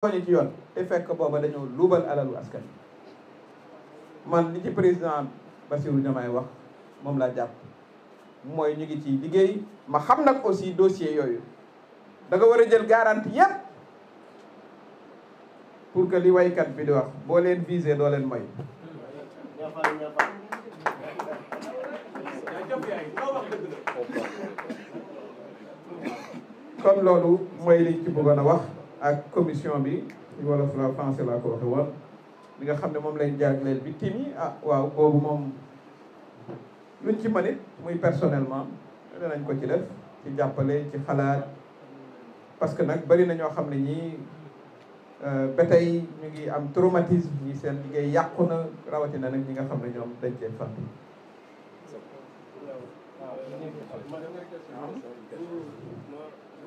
nit yoon te fekk booba dañoo luubal alalu askan man li ci président Bassirou Diomaye wax moom laa jàpp ñu ngi ci liggéey ma xam nag aussi dossier yooyu da nga war a jël garantie yépp pour que li waykat bi boo leen visé doo leen moy comme loolu mooy li ci bëggoon a wax ak commission bi ñu wolof la français laa ko waxe woon li nga xam ne moom lañ jagleel victime yi ah waaw boobu moom luñ ci manit muy personnellement nañ ko ci def ci jàppale ci xalaat parce que nag bari na ñoo xam ne ñii euh, ba tey ñu ngi am traumatisme ñi seen liggéey yàqu na rawatina nag ñi nga xam ne ñoom dañ cee fàtte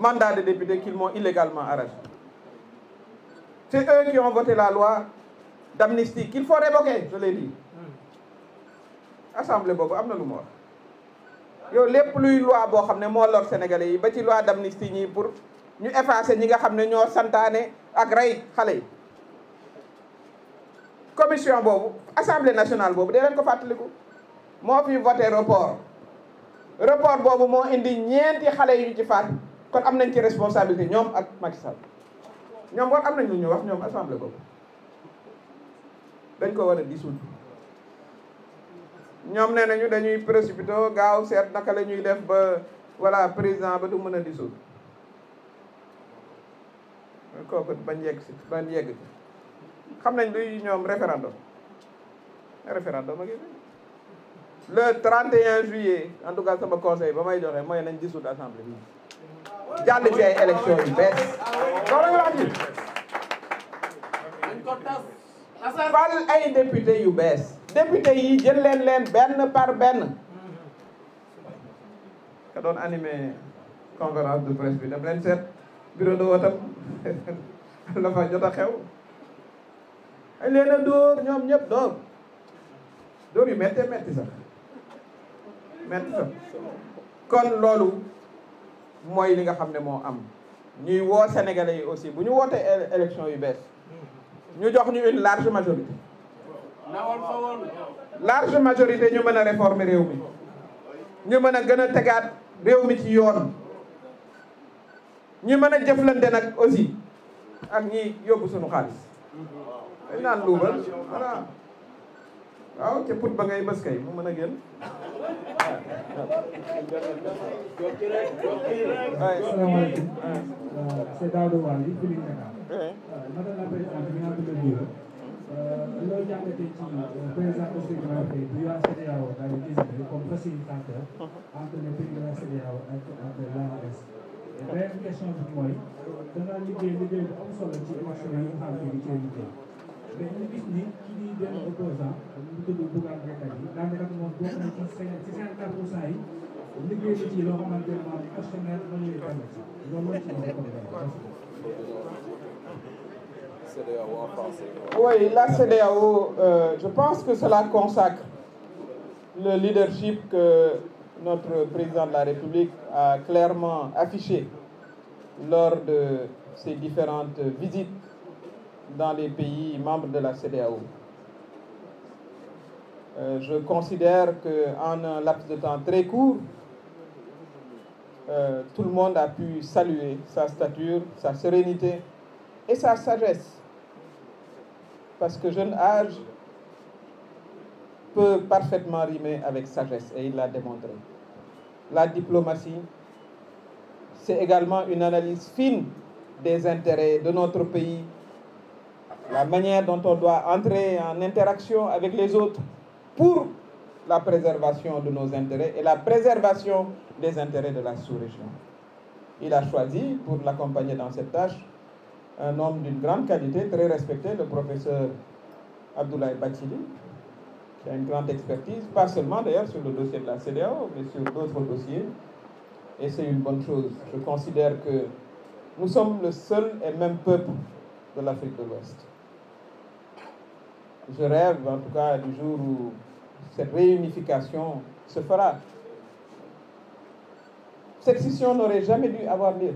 mandat de député qu'ils m'ont illégalement arraché. C'est eux qui ont voté la loi d'amnistie qu'il faut révoquer, Assemblée boobu am na lu mu yow lépp luy loi boo xam ne moo lor Sénégalais yi ba ci loi d'amnistie ñii pour ñu effacer ñi nga xam ne ñoo santaane ak rey xale yi. commission boobu assemblée nationale boobu dee leen ko fàttaliku moo fi voté report report boobu moo indi ñeenti xale yu ci faat. kon am nañ ci responsabilité ñoom ak Macky Sall ñoom war am nañ lu ñu wax ñoom assemblée ko dañ ko war a dissoudre ñoom nee nañu dañuy précipité gaaw seet naka la ñuy def ba voilà président ba du mën a dissoudre kooku bañ yegg si bañ yegg si xam nañ luy ñoom référendum référendum a ngi le 31 juillet en tout cas sama conseil ba may joxe mooy nañ dissoudre assemblée bi jàll ci ay élection yu bees loolu la wax ay député yu bees député yi jël leen leen benn par benn ka doon animé conférence de presse bi dem leen seet bureau de wotam la fa jot a xew ay leen a dóor ñoom ñëpp dóor dóor yu méttee métti sax métti sax kon loolu mooy li nga xam ne moo am ñuy woo sénégalais yi aussi bu ñu wootee élection yu bees ñu jox ñu une large majorité large majorité ñu mën a réformer réew mi ñu mën a gën a tegaat réew mi ci yoon ñu mën a jëflante nag aussi ak ñi yóbbu suñu xaalis dañ naan luubal voilà waaw ca put ba ngay bës kay mu mën a génn salaamaaleykum c'est Daouda Wall yi Feeling madame la présidente bi nga xam ne bii loo jàngatee ci président Ousseynou Faye bu waa CEDEAO daal di désigné comme facilitateur entre les pays de la CEDEAO ak ak l'AES beneen question bi mooy danaa liggéey liggéey bu solo ci élection yi nga xam ne bi ci liggéey mais la ñuy euh, je pense que cela consacre le leadership que notre président de la République a clairement affiché lors de ses différentes visites dans les pays membres de la CEDEAO. Euh, je considère qu'en un laps de temps très court, euh, tout le monde a pu saluer sa stature, sa sérénité et sa sagesse. Parce que jeune âge peut parfaitement rimer avec sagesse et il l'a démontré. La diplomatie, c'est également une analyse fine des intérêts de notre pays la manière dont on doit entrer en interaction avec les autres pour la préservation de nos intérêts et la préservation des intérêts de la sous-région. Il a choisi, pour l'accompagner dans cette tâche, un homme d'une grande qualité, très respecté, le professeur Abdoulaye Bachili, qui a une grande expertise, pas seulement d'ailleurs sur le dossier de la CDAO, mais sur d'autres dossiers. Et c'est une bonne chose. Je considère que nous sommes le seul et même peuple de l'Afrique je rêve en tout cas du jour où cette réunification se fera. Cette scission n'aurait jamais dû avoir lieu.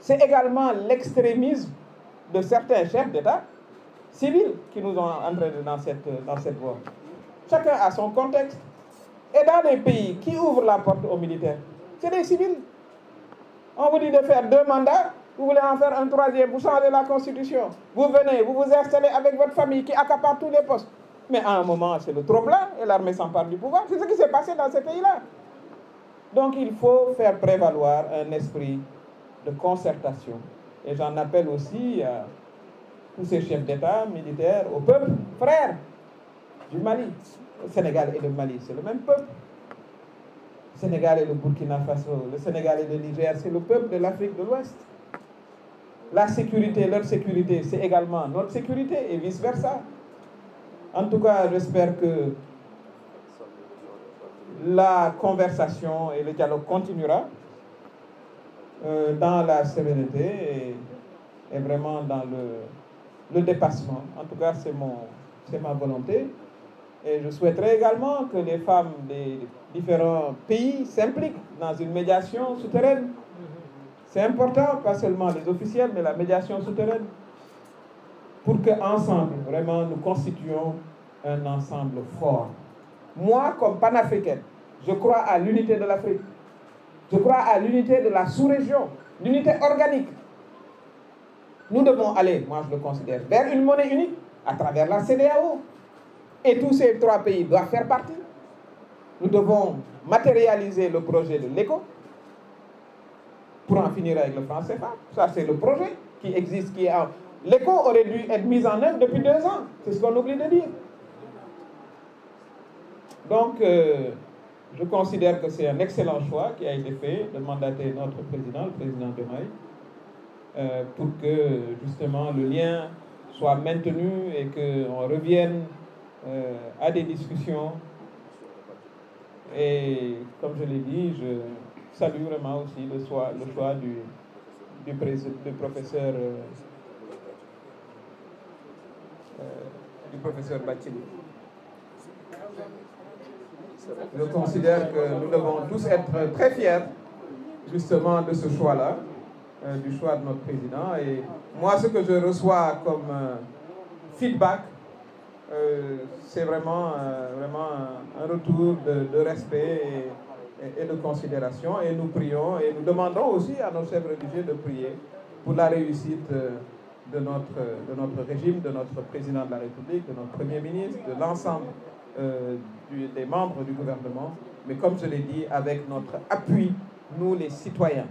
C'est également l'extrémisme de certains chefs d'État civils qui nous ont entraînés dans cette, dans cette voie. Chacun a son contexte. Et dans des pays qui ouvrent la porte aux militaires, c'est des civils. On vous dit de faire deux mandats, vous voulez en faire un troisième, vous changez la constitution, vous venez, vous vous installez avec votre famille qui accapare tous les postes. Mais à un moment, c'est le trop plein et l'armée s'empare du pouvoir. C'est ce qui s'est passé dans ce pays-là. Donc il faut faire prévaloir un esprit de concertation. Et j'en appelle aussi à euh, tous ces chefs d'État, militaires, au peuple frère du Mali. Le Sénégal et le Mali, c'est le même peuple. Le Sénégal et le Burkina Faso, le Sénégal et le Niger, c'est le peuple de l'Afrique de l'Ouest. la sécurité, leur sécurité, c'est également notre sécurité et vice-versa. En tout cas, j'espère que la conversation et le dialogue continuera euh, dans la sérénité et, et vraiment dans le, le, dépassement. En tout cas, c'est mon c'est ma volonté. Et je souhaiterais également que les femmes des différents pays s'impliquent dans une médiation souterraine C'est important, pas seulement les officiels, mais la médiation souterraine, pour que qu'ensemble, vraiment, nous constituions un ensemble fort. Moi, comme panafricaine, je crois à l'unité de l'Afrique. Je crois à l'unité de la sous-région, l'unité organique. Nous devons aller, moi je le considère, vers une monnaie unique à travers la CDAO. Et tous ces trois pays doivent faire partie. Nous devons matérialiser le projet de l'ECO, pour en finir avec le franc CFA. Ça, c'est le projet qui existe, qui est en... L'écho aurait dû être mise en œuvre depuis deux ans. C'est ce qu'on oublie de dire. Donc, euh, je considère que c'est un excellent choix qui a été fait de mandater notre président, le président de euh, pour que justement le lien soit maintenu et qu'on revienne euh, à des discussions. Et comme je l'ai dit, je, salue vraiment aussi le choix, le choix du, du, du professeur euh, euh, du professeur Bachili. Je considère que nous devons tous être très fiers justement de ce choix-là, euh, du choix de notre président. Et moi, ce que je reçois comme euh, feedback, euh, c'est vraiment, euh, vraiment un retour de, de respect et et de considération. Et nous prions et nous demandons aussi à nos chefs religieux de prier pour la réussite euh, de notre, de notre régime, de notre président de la République, de notre Premier ministre, de l'ensemble euh, des membres du gouvernement. Mais comme je l'ai dit, avec notre appui, nous les citoyens,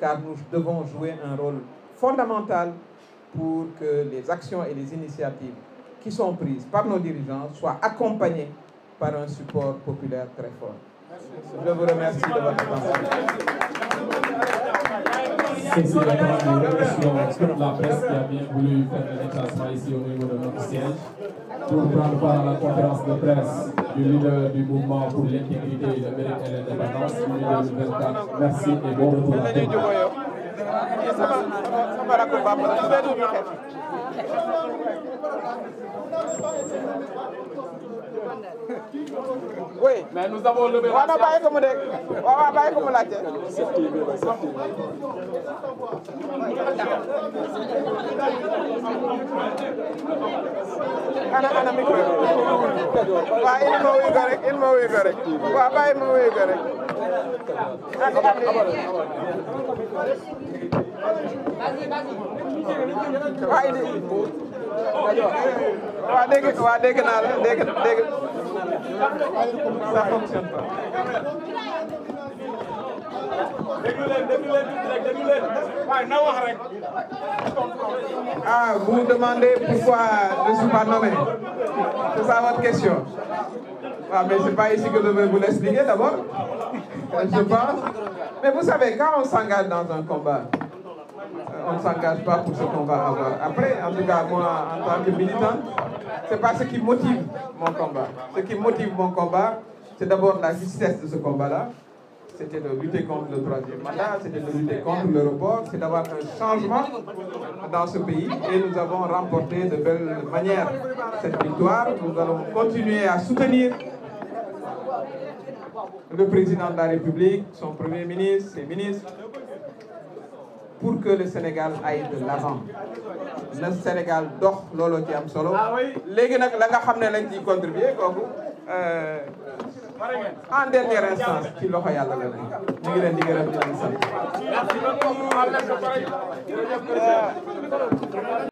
car nous devons jouer un rôle fondamental pour que les actions et les initiatives qui sont prises par nos dirigeants soient accompagnées par un support populaire très fort. Je vous remercie de votre attention. Ceci étant dit, nous remercions toute la presse qui a bien voulu faire le déplacement ici au niveau de notre siège pour prendre part à la conférence de presse du leader du mouvement pour l'intégrité, le mérite et l'indépendance du 2024. Merci et bon retour à tous. oui mais nous avons levé waaw ma bàyyi ko mu dégg waaw waaw bàyyi ko mu ana ana micro bi. waaw ma wuyu ko rek ma wuyu ko rek waaw ma wuyu ko rek. andi andi waaw dégg waaw dégg naa la ça fonctionne pas. déglu leen déglu leen tuuti rek déglu leen waaye na wax rek. ah vous demandez pourquoi je ne suis pas nommé c'est ça votre question. waaw ah, mais c'est pas ici que je vais on ne s'engage pas pour ce qu'on en tout cas, moi, c'est pas ce qui motive mon combat. c'est d'abord la justesse de ce combat-là. C'était de lutter contre le troisième mandat, c'était de lutter contre le report, c'est d'avoir un changement dans ce pays. Et nous avons remporté de belle manière cette victoire. Nous allons continuer à soutenir le président de la République, son premier ministre, ses ministres, pour que le Sénégal aille de l'avant na Sénégal dox looloo ci am solo ah léegi nag la nga xam ne lañ ci contribuer kooku euh, en dernière instance ci loxo yàlla la nekk ñu ngi leen di gërëm